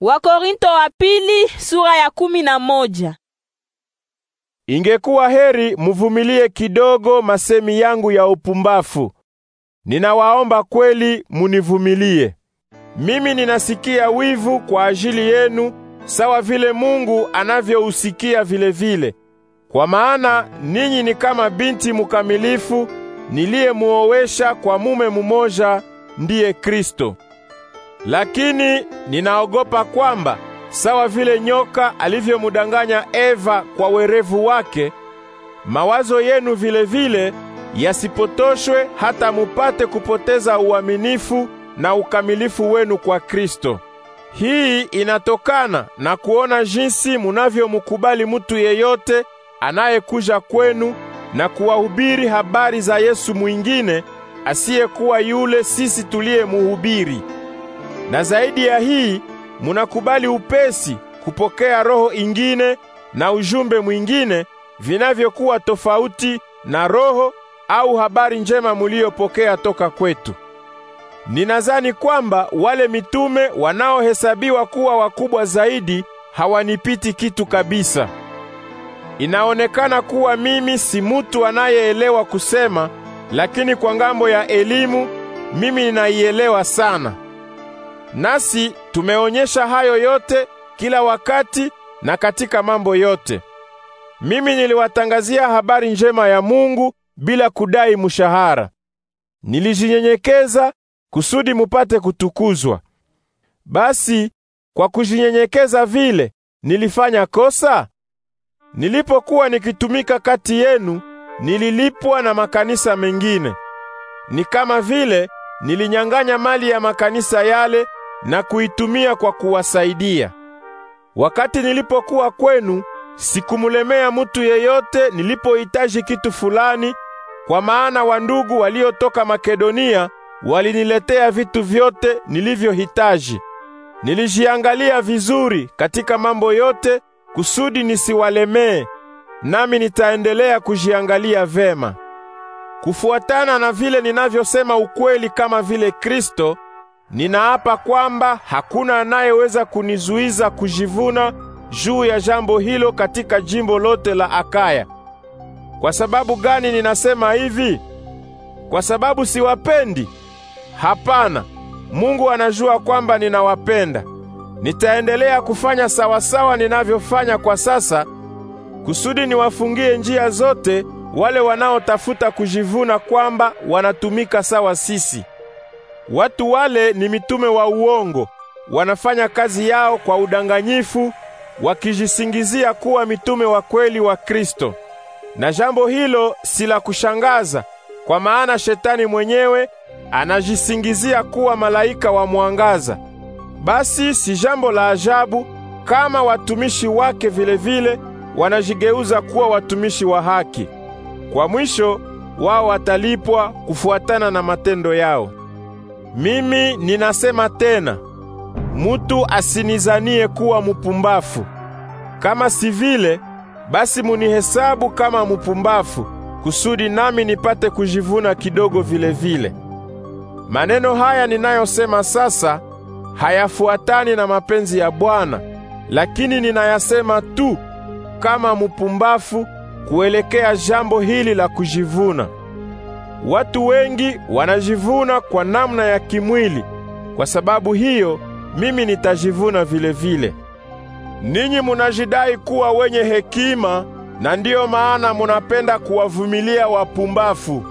Wakorinto wa pili sura ya kumi na moja. Ingekuwa heri muvumilie kidogo masemi yangu ya upumbafu. Ninawaomba kweli munivumilie. Mimi ninasikia wivu kwa ajili yenu sawa vile Mungu anavyousikia vile vile. Kwa maana ninyi ni kama binti mkamilifu niliyemuowesha kwa mume mumoja ndiye Kristo. Lakini ninaogopa kwamba sawa vile nyoka alivyomdanganya Eva kwa werevu wake, mawazo yenu vile vile yasipotoshwe hata mupate kupoteza uaminifu na ukamilifu wenu kwa Kristo. Hii inatokana na kuona jinsi munavyomkubali mutu yeyote anayekuja kwenu na kuwahubiri habari za Yesu mwingine asiyekuwa yule sisi tuliyemuhubiri na zaidi ya hii munakubali upesi kupokea roho ingine na ujumbe mwingine vinavyokuwa tofauti na roho au habari njema muliyopokea toka kwetu. ninazani kwamba wale mitume wanaohesabiwa kuwa wakubwa zaidi hawanipiti kitu kabisa. Inaonekana kuwa mimi si mutu anayeelewa kusema, lakini kwa ngambo ya elimu mimi ninaielewa sana. Nasi tumeonyesha hayo yote kila wakati na katika mambo yote. Mimi niliwatangazia habari njema ya Mungu bila kudai mshahara. Nilijinyenyekeza kusudi mupate kutukuzwa. Basi kwa kujinyenyekeza vile nilifanya kosa? Nilipokuwa nikitumika kati yenu, nililipwa na makanisa mengine. Ni kama vile nilinyang'anya mali ya makanisa yale na kuitumia kwa kuwasaidia. Wakati nilipokuwa kwenu, sikumulemea mutu yeyote nilipohitaji kitu fulani, kwa maana wandugu waliotoka Makedonia waliniletea vitu vyote nilivyohitaji. Nilijiangalia vizuri katika mambo yote kusudi nisiwalemee, nami nitaendelea kujiangalia vema. Kufuatana na vile ninavyosema ukweli kama vile Kristo, Ninaapa kwamba hakuna anayeweza kunizuiza kujivuna juu ya jambo hilo katika jimbo lote la Akaya. Kwa sababu gani ninasema hivi? Kwa sababu siwapendi? Hapana, Mungu anajua kwamba ninawapenda. Nitaendelea kufanya sawasawa ninavyofanya kwa sasa, kusudi niwafungie njia zote wale wanaotafuta kujivuna kwamba wanatumika sawa sisi. Watu wale ni mitume wa uongo, wanafanya kazi yao kwa udanganyifu, wakijisingizia kuwa mitume wa kweli wa Kristo. Na jambo hilo si la kushangaza, kwa maana shetani mwenyewe anajisingizia kuwa malaika wa mwangaza. Basi si jambo la ajabu kama watumishi wake vilevile vile, wanajigeuza kuwa watumishi wa haki. Kwa mwisho wao watalipwa kufuatana na matendo yao. Mimi ninasema tena, mutu asinizanie kuwa mupumbafu. Kama si vile, basi munihesabu kama mupumbafu, kusudi nami nipate kujivuna kidogo vile vile. Maneno haya ninayosema sasa hayafuatani na mapenzi ya Bwana, lakini ninayasema tu kama mupumbafu kuelekea jambo hili la kujivuna. Watu wengi wanajivuna kwa namna ya kimwili, kwa sababu hiyo mimi nitajivuna vile vile. Ninyi munajidai kuwa wenye hekima, na ndiyo maana munapenda kuwavumilia wapumbafu.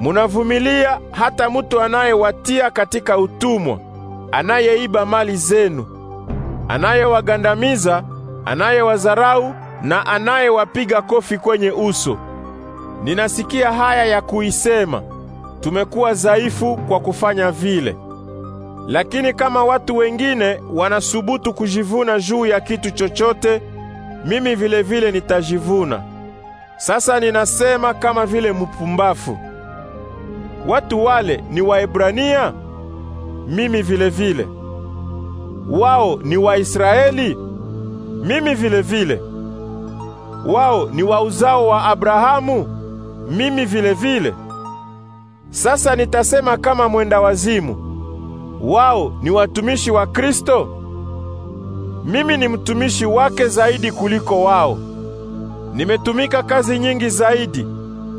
Munavumilia hata mtu anayewatia katika utumwa, anayeiba mali zenu, anayewagandamiza, anayewazarau na anayewapiga kofi kwenye uso. Ninasikia haya ya kuisema, tumekuwa dhaifu kwa kufanya vile. Lakini kama watu wengine wanasubutu kujivuna juu ya kitu chochote, mimi vilevile vile nitajivuna. Sasa ninasema kama vile mpumbafu. Watu wale ni Waebrania? Mimi vile vile. Wao ni Waisraeli? Mimi vile vile. Wao ni wa uzao wa Abrahamu? mimi vile vile. Sasa nitasema kama mwenda wazimu, wao ni watumishi wa Kristo. Mimi ni mtumishi wake zaidi kuliko wao. Nimetumika kazi nyingi zaidi,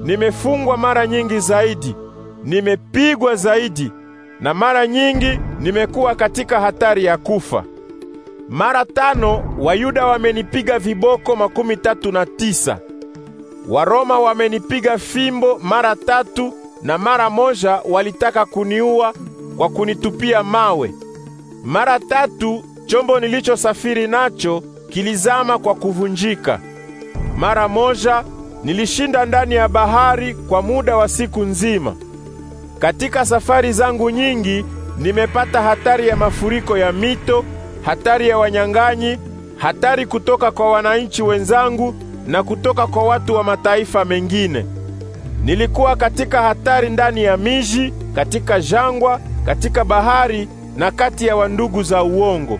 nimefungwa mara nyingi zaidi, nimepigwa zaidi, na mara nyingi nimekuwa katika hatari ya kufa. Mara tano Wayuda wamenipiga viboko makumi tatu na tisa. Waroma wamenipiga fimbo mara tatu na mara moja walitaka kuniua kwa kunitupia mawe. Mara tatu chombo nilichosafiri nacho kilizama kwa kuvunjika. Mara moja nilishinda ndani ya bahari kwa muda wa siku nzima. Katika safari zangu nyingi nimepata hatari ya mafuriko ya mito, hatari ya wanyang'anyi, hatari kutoka kwa wananchi wenzangu na kutoka kwa watu wa mataifa mengine. Nilikuwa katika hatari ndani ya miji, katika jangwa, katika bahari na kati ya wandugu za uongo.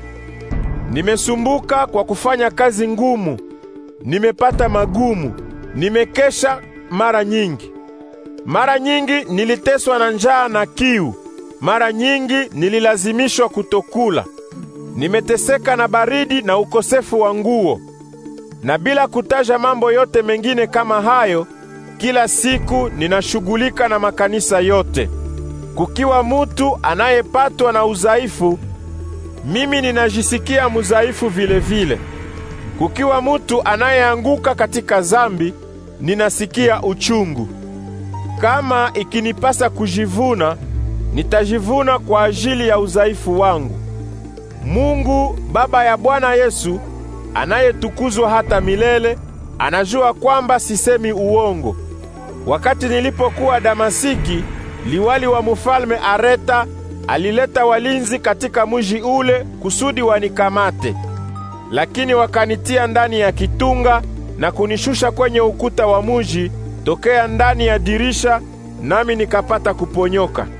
Nimesumbuka kwa kufanya kazi ngumu, nimepata magumu, nimekesha mara nyingi. Mara nyingi niliteswa na njaa na kiu, mara nyingi nililazimishwa kutokula. Nimeteseka na baridi na ukosefu wa nguo na bila kutaja mambo yote mengine kama hayo, kila siku ninashughulika na makanisa yote. Kukiwa mutu anayepatwa na udhaifu, mimi ninajisikia mudhaifu vile vile. Kukiwa mutu anayeanguka katika zambi, ninasikia uchungu. Kama ikinipasa kujivuna, nitajivuna kwa ajili ya udhaifu wangu. Mungu Baba ya Bwana Yesu anayetukuzwa hata milele, anajua kwamba sisemi uongo. Wakati nilipokuwa Damasiki, liwali wa mfalme Areta alileta walinzi katika mji ule kusudi wanikamate, lakini wakanitia ndani ya kitunga na kunishusha kwenye ukuta wa mji tokea ndani ya dirisha, nami nikapata kuponyoka.